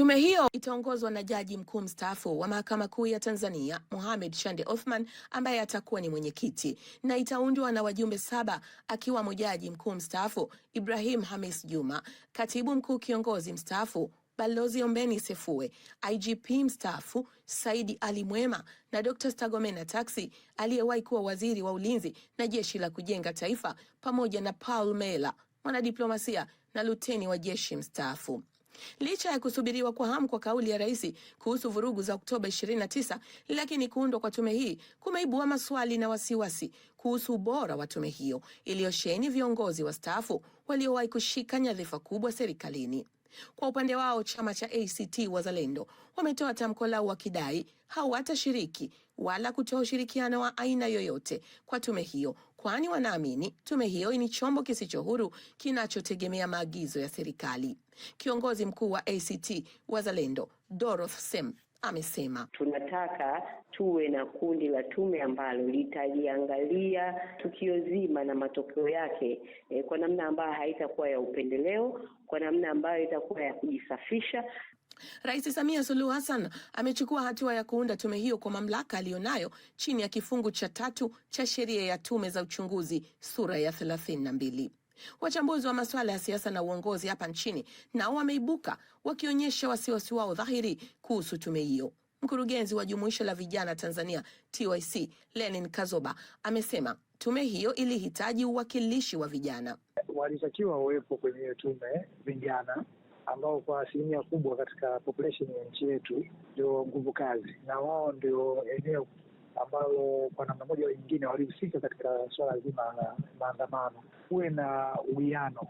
Tume hiyo itaongozwa na jaji mkuu mstaafu wa Mahakama Kuu ya Tanzania, Mohamed Chande Othman ambaye atakuwa ni mwenyekiti na itaundwa na wajumbe saba akiwamo jaji mkuu mstaafu Ibrahim Hamis Juma, katibu mkuu kiongozi mstaafu Balozi Ombeni Sefue, IGP mstaafu Saidi Ali Mwema na Dr. stagomena taxi aliyewahi kuwa waziri wa ulinzi na jeshi la kujenga taifa, pamoja na Paul Mela mwanadiplomasia na luteni wa jeshi mstaafu. Licha ya kusubiriwa kwa hamu kwa kauli ya rais kuhusu vurugu za Oktoba 29, lakini kuundwa kwa tume hii kumeibua maswali na wasiwasi kuhusu ubora wa tume hiyo iliyosheni viongozi wastaafu waliowahi kushika nyadhifa kubwa serikalini. Kwa upande wao chama cha ACT Wazalendo wametoa tamko lao wakidai hawatashiriki wala kutoa ushirikiano wa aina yoyote kwa tume hiyo, kwani wanaamini tume hiyo ni chombo kisicho huru kinachotegemea maagizo ya serikali. Kiongozi mkuu wa ACT Wazalendo Doroth Sem amesema tunataka tuwe na kundi la tume ambalo litaliangalia tukio zima na matokeo yake e, kwa namna ambayo haitakuwa ya upendeleo, kwa namna ambayo itakuwa ya kujisafisha. Rais Samia Suluhu Hassan amechukua hatua ya kuunda tume hiyo kwa mamlaka aliyonayo chini ya kifungu cha tatu cha sheria ya tume za uchunguzi sura ya thelathini na mbili. Wachambuzi wa masuala ya siasa na uongozi hapa nchini nao wameibuka wakionyesha wasiwasi wao dhahiri kuhusu tume hiyo. Mkurugenzi wa Jumuisho la Vijana Tanzania TYC Lenin Kazoba amesema tume hiyo ilihitaji uwakilishi wa vijana. Walitakiwa wawepo kwenye hiyo tume vijana ambao kwa asilimia kubwa katika population ya nchi yetu ndio nguvu kazi, na wao ndio eneo ambalo kwa namna moja au nyingine walihusika katika suala zima la maandamano, kuwe na uwiano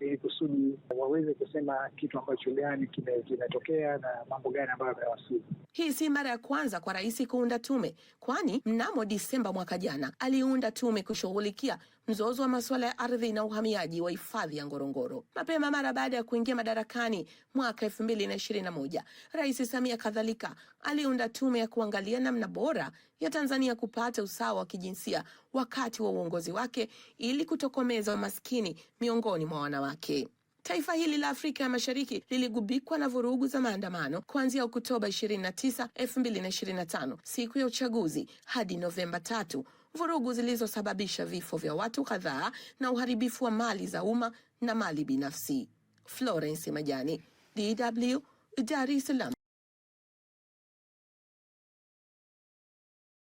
ili kusudi waweze kusema kitu ambacho gani kimetokea na mambo gani ambayo yamewasili. Hii si mara ya kwanza kwa rais kuunda tume, kwani mnamo Disemba mwaka jana aliunda tume kushughulikia mzozo wa masuala ya ardhi na uhamiaji wa hifadhi ya Ngorongoro. Mapema mara baada ya kuingia madarakani mwaka moja, Rais Samia kadhalika aliunda tume ya kuangalia namna bora ya Tanzania kupata usawa wa kijinsia wakati wa uongozi wake ili kutokomeza umaskini miongoni mwa wanawake. Taifa hili la Afrika ya Mashariki liligubikwa na vurugu za maandamano kuanzia Oktoba 29, 2025, siku ya uchaguzi hadi Novemba 3 vurugu zilizosababisha vifo vya watu kadhaa na uharibifu wa mali za umma na mali binafsi. Florence Majani, DW, Dar es Salaam.